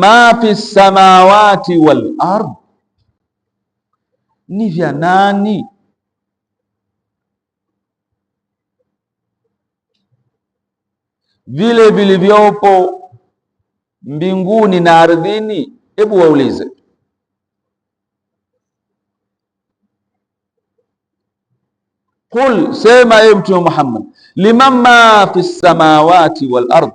ma fi samawati wal ard, ni vya nani? Vile vilivyopo mbinguni na ardhini. Hebu waulize Qul, sema e Mtume Muhammad, liman ma fi samawati wal ard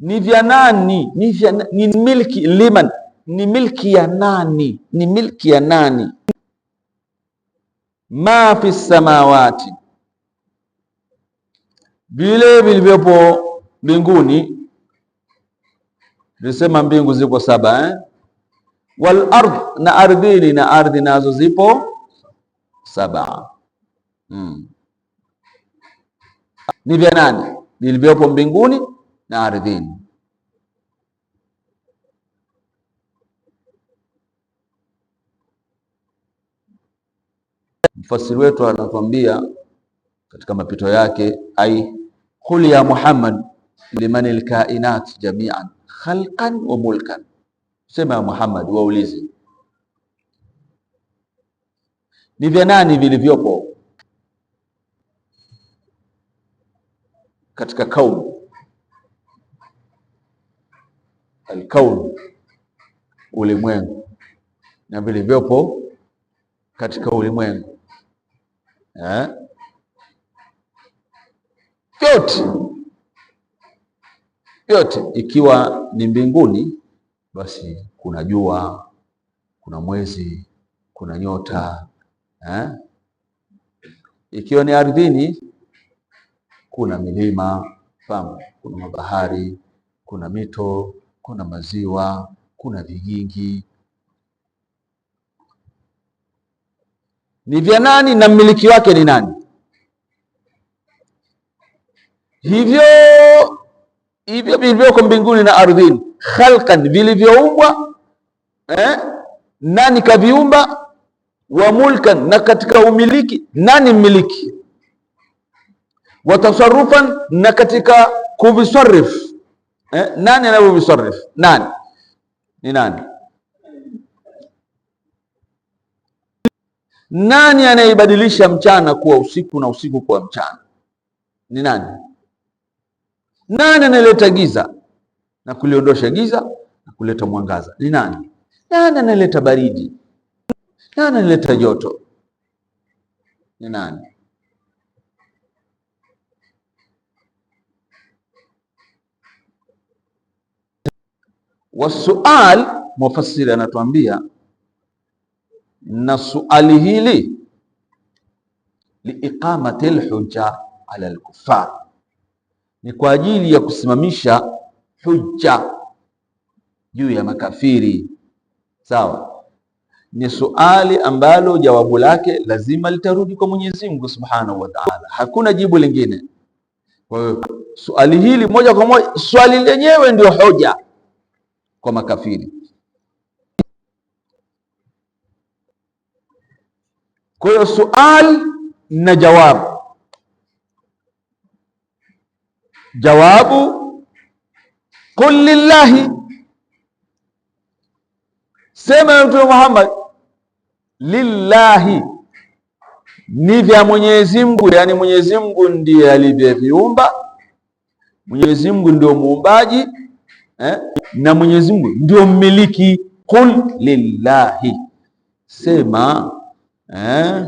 ni vya nani? Ni, vya, ni milki liman, ni milki ya nani? Ni milki ya nani? ma fi samawati, vile vilivyopo mbinguni. visema mbingu ziko saba eh? wal ard na ardhini, na ardhi nazo zipo saba hmm. ni vya nani? vilivyopo mbinguni na ardhini. Mfasiri wetu anatuambia katika mapito yake, ai qul ya Muhammad liman alkainat jamian khalqan wa mulkan, sema ya Muhammad, waulize ni vya nani vilivyopo katika kaumu alkaul ulimwengu na vilivyopo katika ulimwengu eh? vyote vyote, ikiwa ni mbinguni, basi kuna jua, kuna mwezi, kuna nyota eh? Ikiwa ni ardhini, kuna milima famu, kuna mabahari, kuna mito kuna maziwa, kuna vigingi. Ni vya nani na mmiliki wake ni nani? Hivyo hivyo vilivyoko mbinguni na ardhini, khalqan, vilivyoumbwa eh? Nani kaviumba? Wa mulkan, na katika umiliki, nani mmiliki? watasarufan na katika kuvisarifu eh, nani naibu misarif? Nani ni nani? Nani anaibadilisha mchana kuwa usiku na usiku kuwa mchana? Ni nani? Nani analeta giza na kuliondosha giza na kuleta mwangaza? Ni nani? Nani analeta baridi? Nani analeta joto? Ni nani? Wasual, mufassiri anatuambia na suali hili liiqamati lhuja ala lkufar, ni kwa ajili ya kusimamisha hujja juu ya makafiri. Sawa, ni suali ambalo jawabu lake lazima litarudi kwa Mwenyezi Mungu Subhanahu wa Ta'ala, hakuna jibu lingine. Kwa hiyo suali hili moja kwa moja, swali lenyewe ndio hoja kwa makafiri. Kwa hiyo suali na jawabu, jawabu qul lillahi, sema ya Mtume Muhammad, lillahi ni vya Mwenyezi Mungu, yani Mwenyezi Mungu ndiye alivyoviumba. Mwenyezi Mungu ndio muumbaji eh? na Mwenyezi Mungu ndio mmiliki. Qul lillahi, sema eh?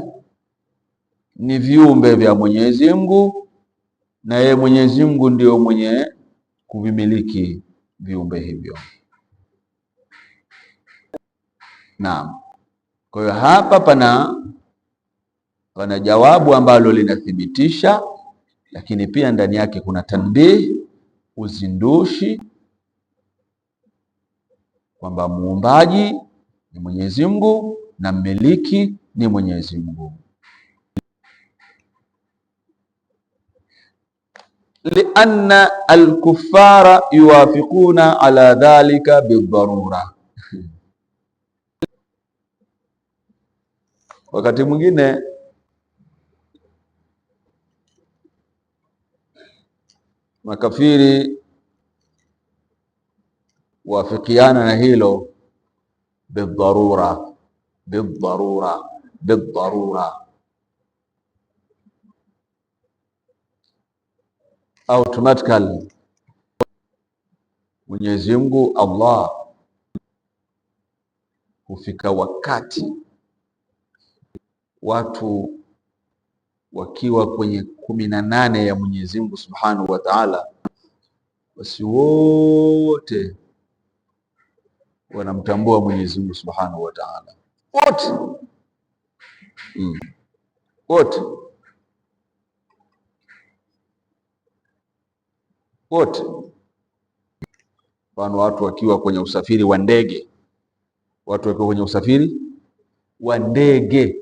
ni viumbe vya Mwenyezi Mungu na yeye Mwenyezi Mungu ndio mwenye kuvimiliki viumbe hivyo. Naam. Kwa hiyo hapa pana pana jawabu ambalo linathibitisha, lakini pia ndani yake kuna tanbihi, uzindushi kwamba muumbaji ni Mwenyezi Mungu na mmiliki ni Mwenyezi Mungu. lianna alkufara yuwafikuna ala dhalika bidharura. Wakati mwingine makafiri kuafikiana na hilo bidharura, bidharura, bidharura automatically Mwenyezi Mungu Allah hufika wakati watu wakiwa kwenye kumi na nane ya Mwenyezi Mungu Subhanahu wa Ta'ala, basi wote wanamtambua Mwenyezi Mungu Subhanahu wa Ta'ala wote mm. wote wote mfano watu wakiwa kwenye usafiri wa ndege, watu wakiwa kwenye usafiri wa ndege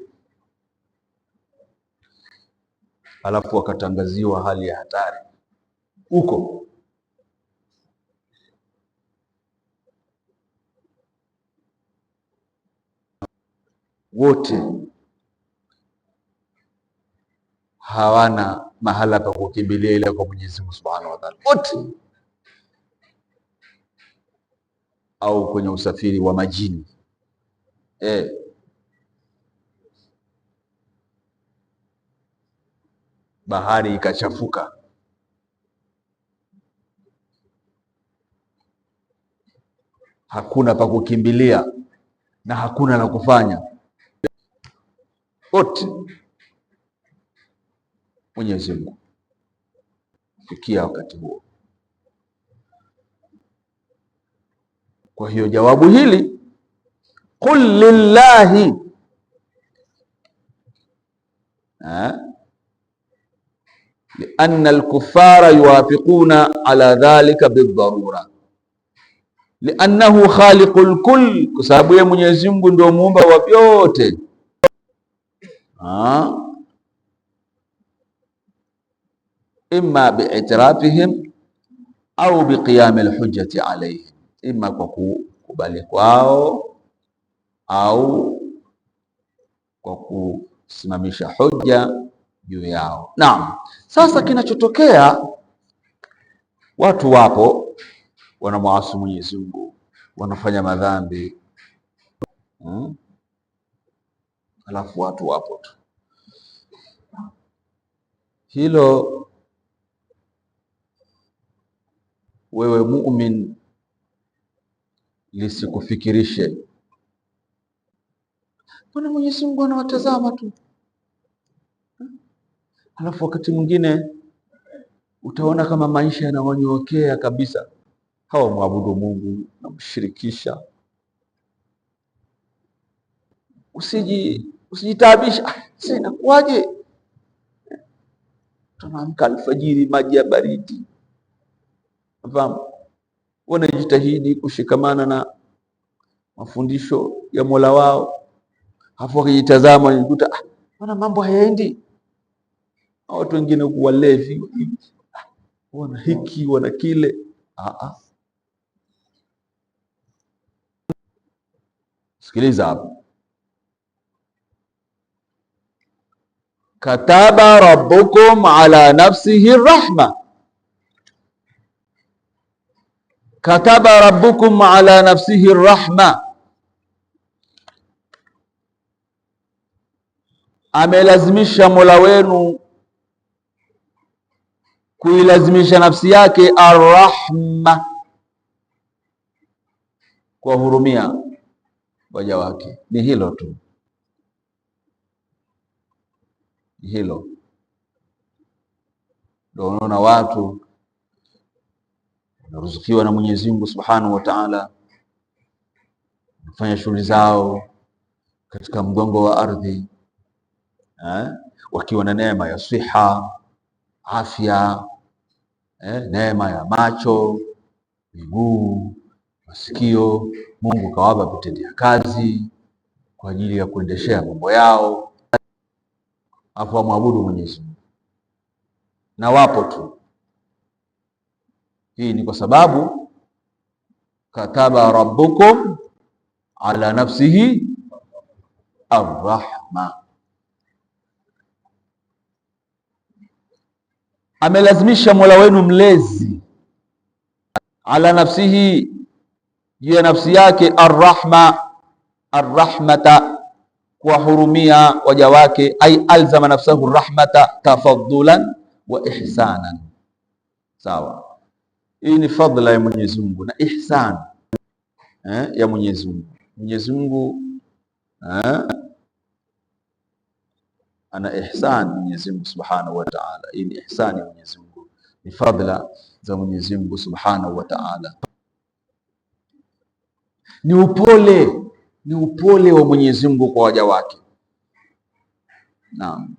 alafu wakatangaziwa hali ya hatari huko wote hawana mahala pa kukimbilia ila kwa Mwenyezi Mungu Subhanahu wa Ta'ala, wote au kwenye usafiri wa majini eh. Bahari ikachafuka hakuna pa kukimbilia na hakuna la kufanya wote Mwenyezi Mungu fikia wakati huo. Kwa hiyo jawabu hili qul lillahi lianna alkuffara yuwafiquna ala dhalika bidharura liannahu khaliqul kull, kwa sababu yeye Mwenyezi Mungu ndio muumba wa vyote imma biitirafihim au biqiyami alhujjati alayhim imma kwa kukubali kwao au kwa kusimamisha hujja juu yao. Naam, sasa kinachotokea watu wapo wanamwasi Mwenyezi Mungu, wanafanya madhambi hmm? alafu watu wapo tu. Hilo wewe muumini lisikufikirishe. Mbona Mwenyezi Mungu anawatazama tu? Alafu wakati mwingine utaona kama maisha yanawanyokea kabisa, hawa mwabudu Mungu namshirikisha. Usiji usijitaabisha. Ah, Sasa inakuwaje? Tunaamka alfajiri, maji ya baridi, fahamu, wanajitahidi kushikamana na mafundisho ya Mola wao, hafu wakijitazama wanajikuta ah, mana mambo hayaendi. Watu wengine walevi, wana ah, hiki wana kile ah, ah, sikiliza hapo kataba rabbukum ala nafsihi rahma, kataba rabbukum ala nafsihi rahma, amelazimisha mola wenu kuilazimisha nafsi yake arrahma, kuwahurumia waja wake. Ni hilo tu. hilo. Ndio unaona watu wanaruzukiwa na Mwenyezi Mungu Subhanahu wa Ta'ala kufanya shughuli zao katika mgongo wa ardhi eh, wakiwa na neema ya siha, afya eh, neema ya macho, miguu, masikio. Mungu kawapa vitendea kazi kwa ajili ya kuendeshea mambo yao afu wamwabudu Mwenyezi Mungu, na wapo tu. Hii ni kwa sababu kataba rabbukum ala nafsihi arrahma, amelazimisha Mola wenu mlezi ala nafsihi, juu ya nafsi yake, arrahma arrahmata kuwahurumia waja wake, ai alzama nafsahu rahmata tafaddulan wa ihsanan. Sawa, hii ni fadla ya Mwenyezi Mungu na ihsan eh, ya Mwenyezi Mungu. Mwenyezi Mungu eh, ana ihsan Mwenyezi Mungu Subhanahu wa Ta'ala. Hii ni ihsan ya Mwenyezi Mungu, ni fadla za Mwenyezi Mungu Subhanahu wa Ta'ala, ni upole ni upole wa Mwenyezi Mungu kwa waja wake. Naam.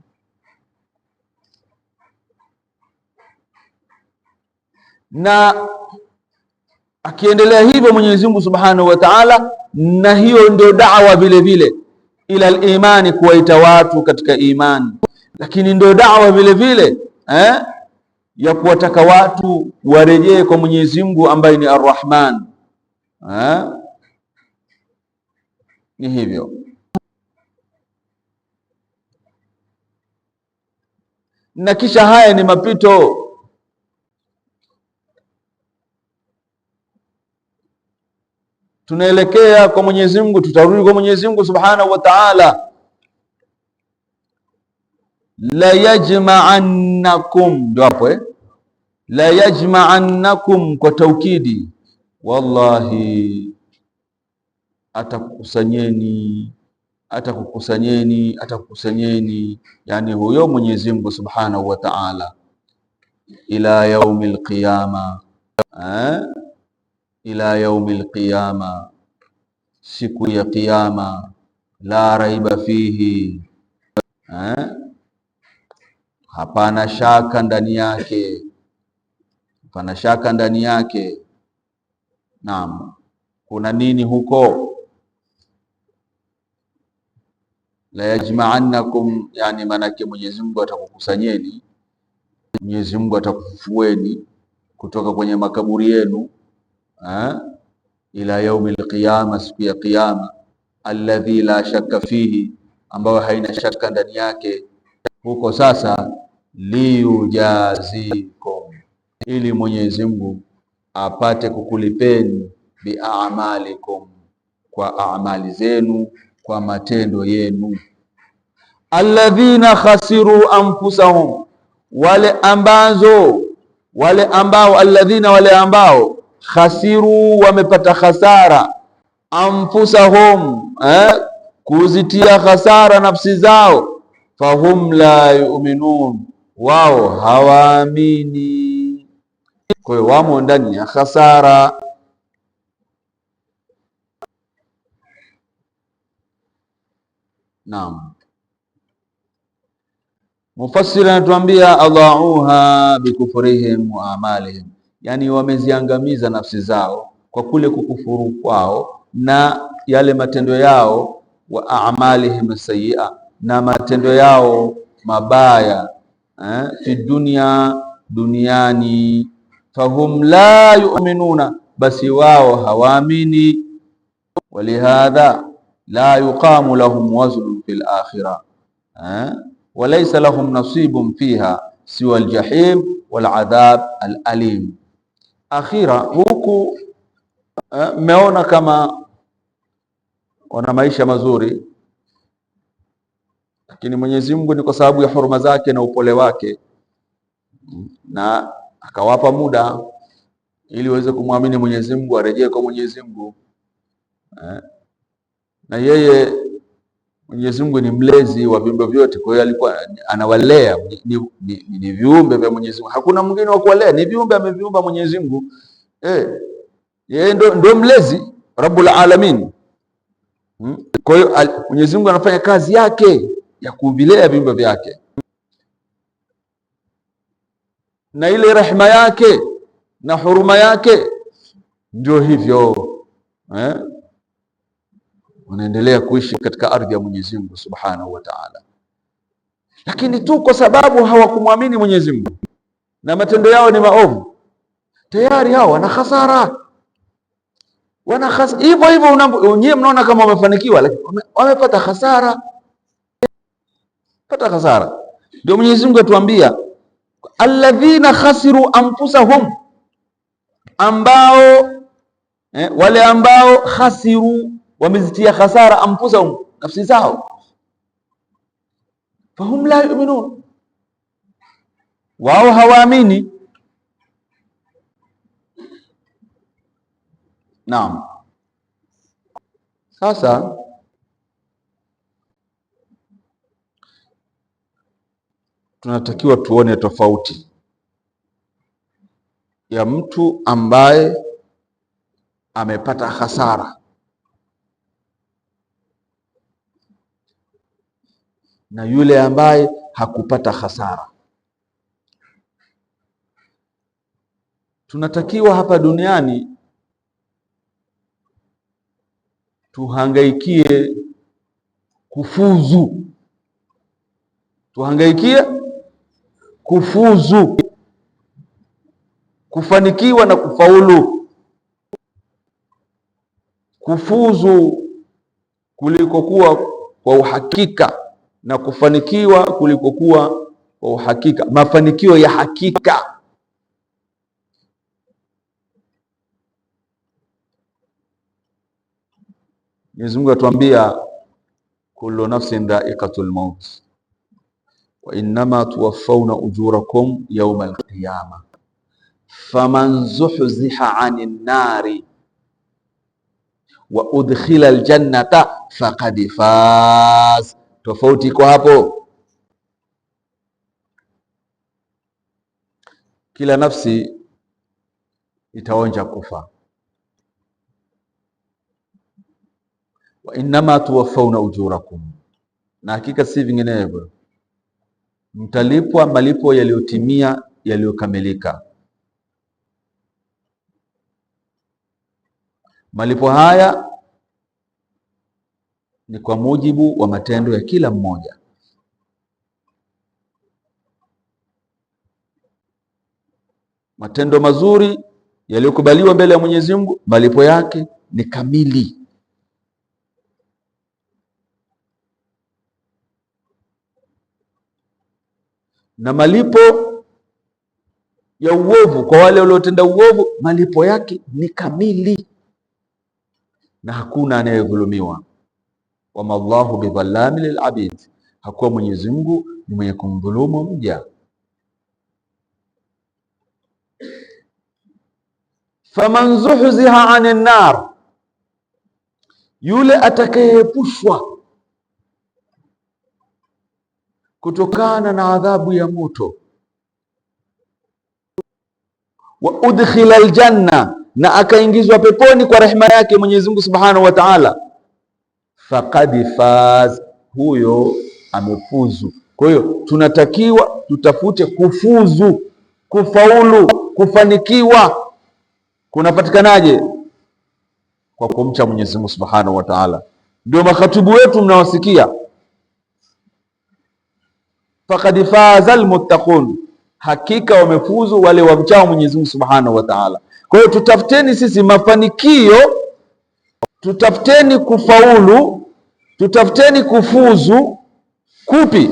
Na akiendelea hivyo Mwenyezi Mungu Subhanahu wa Ta'ala, na hiyo ndio da'wa vile vile ila al-imani, kuwaita watu katika imani, lakini ndio da'wa vile vile eh, ya kuwataka watu warejee kwa Mwenyezi Mungu ambaye ni Ar-Rahman eh ni hivyo. Na kisha haya ni mapito tunaelekea kwa Mwenyezi Mungu, tutarudi kwa Mwenyezi Mungu Subhanahu wa Ta'ala. La yajma'annakum, ndio hapo eh, la yajma'annakum kwa taukidi, wallahi atakukusanyeni atakukusanyeni atakukusanyeni, yani huyo Mwenyezi Mungu Subhanahu wa Ta'ala, ila yaumil qiyama eh, ila yaumil qiyama, siku ya qiyama, la raiba fihi eh, hapana shaka ndani yake, hapana shaka ndani yake. Naam, kuna nini huko? la yajma'annakum, yani maanake Mwenyezi Mungu atakukusanyeni, Mwenyezi Mungu atakufufueni kutoka kwenye makaburi yenu ila yaumil lqiyama siku ya Kiyama, alladhi la shakka fihi, ambayo haina shaka ndani yake. Huko sasa liyujazikum, ili Mwenyezi Mungu apate kukulipeni biamalikum, kwa amali zenu kwa matendo yenu. Alladhina khasiru anfusahum, wale ambazo wale ambao alladhina, wale ambao khasiru, wamepata khasara anfusahum, eh, kuzitia khasara nafsi zao. Fahum la yu'minun, wao hawaamini. Kwa hiyo wamo ndani ya khasara Naam, mufassiri anatuambia adauha bikufurihim wa amalihim, yani wameziangamiza nafsi zao kwa kule kukufuru kwao na yale matendo yao, wa amalihim sayia, na matendo yao mabaya eh, fi dunya, duniani. Fahum la yu'minuna, basi wao hawaamini. Walihadha la yuqamu lahum wazlun fil akhirah eh? wa laysa lahum nasibun fiha siwa aljahim wal adhab al alim. Akhira huku eh, mmeona kama wana maisha mazuri, lakini Mwenyezi Mungu ni kwa sababu ya huruma zake na upole wake, na akawapa muda ili waweze kumwamini Mwenyezi Mungu, arejee kwa Mwenyezi Mungu. Eh? na yeye Mwenyezi Mungu ni mlezi wa viumbe vyote, kwa hiyo alikuwa anawalea ni, ni, ni viumbe vya Mwenyezi Mungu, hakuna mwingine wa kuwalea, ni viumbe ameviumba Mwenyezi Mungu eh, yeye ndo, ndo mlezi Rabbul Alamin hmm. Kwa hiyo Mwenyezi Mungu anafanya kazi yake ya kuvilea viumbe vyake na ile rehema yake na huruma yake ndio hivyo eh? wanaendelea kuishi katika ardhi ya Mwenyezi Mungu Subhanahu wa Ta'ala, lakini tu kwa sababu hawakumwamini Mwenyezi Mungu na matendo yao ni maovu, tayari hao wana hasara, wana hasara hivyo hivyo. Nyie mnaona kama wamefanikiwa, lakini wamepata hasara, pata hasara. Ndio Mwenyezi Mungu atuambia alladhina khasiru anfusahum, ambao eh, wale ambao khasiru wamezitia khasara anfusahum, nafsi zao. Fahum la yu'minun, wao hawaamini. Naam, sasa tunatakiwa tuone tofauti ya mtu ambaye amepata hasara na yule ambaye hakupata hasara. Tunatakiwa hapa duniani tuhangaikie kufuzu, tuhangaikie kufuzu, kufanikiwa na kufaulu. Kufuzu kuliko kuwa kwa uhakika na kufanikiwa kulikokuwa kwa uhakika, mafanikio ya hakika. Mwenyezi Mungu atuambia kullu nafsin dha'iqatul maut wa innama tuwaffawna ujurakum yawmal qiyamah faman zuhziha 'anil nari wa udkhila aljannata faqad faz Tofauti iko hapo. Kila nafsi itaonja kufa. Wa innama tuwafauna ujurakum, na hakika si vinginevyo mtalipwa malipo yaliyotimia yaliyokamilika. Malipo haya ni kwa mujibu wa matendo ya kila mmoja. Matendo mazuri yaliyokubaliwa mbele ya Mwenyezi Mungu, malipo yake ni kamili. Na malipo ya uovu kwa wale waliotenda uovu, malipo yake ni kamili, na hakuna anayedhulumiwa wama Allahu bidhallami lilabid, hakuwa Mwenyezi Mungu ni mwenye kumdhulumu mja. Faman zuhziha anin nar, yule atakayeepushwa kutokana na adhabu ya moto, wa udkhila aljanna, na akaingizwa peponi kwa rehema yake Mwenyezi Mungu Subhanahu wa Ta'ala faqad faz, huyo amefuzu. Kwa hiyo tunatakiwa tutafute kufuzu, kufaulu, kufanikiwa. Kunapatikanaje? Kwa kumcha Mwenyezi Mungu Subhanahu wa Ta'ala. Ndio makatibu wetu mnawasikia, faqad faza almuttaqun, hakika wamefuzu wale wamchao Mwenyezi Mungu Subhanahu wa Ta'ala. Kwa hiyo tutafuteni sisi mafanikio tutafuteni kufaulu, tutafuteni kufuzu. Kupi?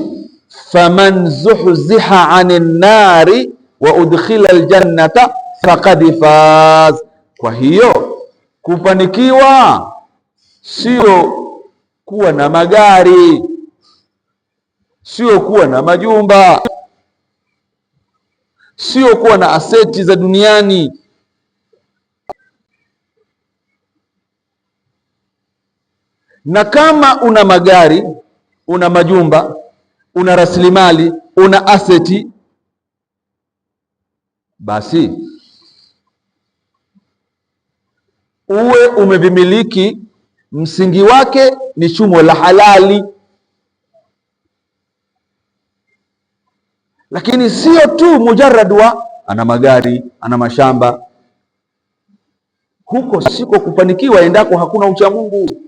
faman zuhziha anin nari wa udkhila aljannata faqad faz. Kwa hiyo kufanikiwa sio kuwa na magari, sio kuwa na majumba, sio kuwa na aseti za duniani Na kama una magari, una majumba, una rasilimali, una aseti, basi uwe umevimiliki. Msingi wake ni chumo la halali, lakini sio tu mujarrad wa ana magari, ana mashamba. Huko siko kufanikiwa endako hakuna uchamungu Mungu.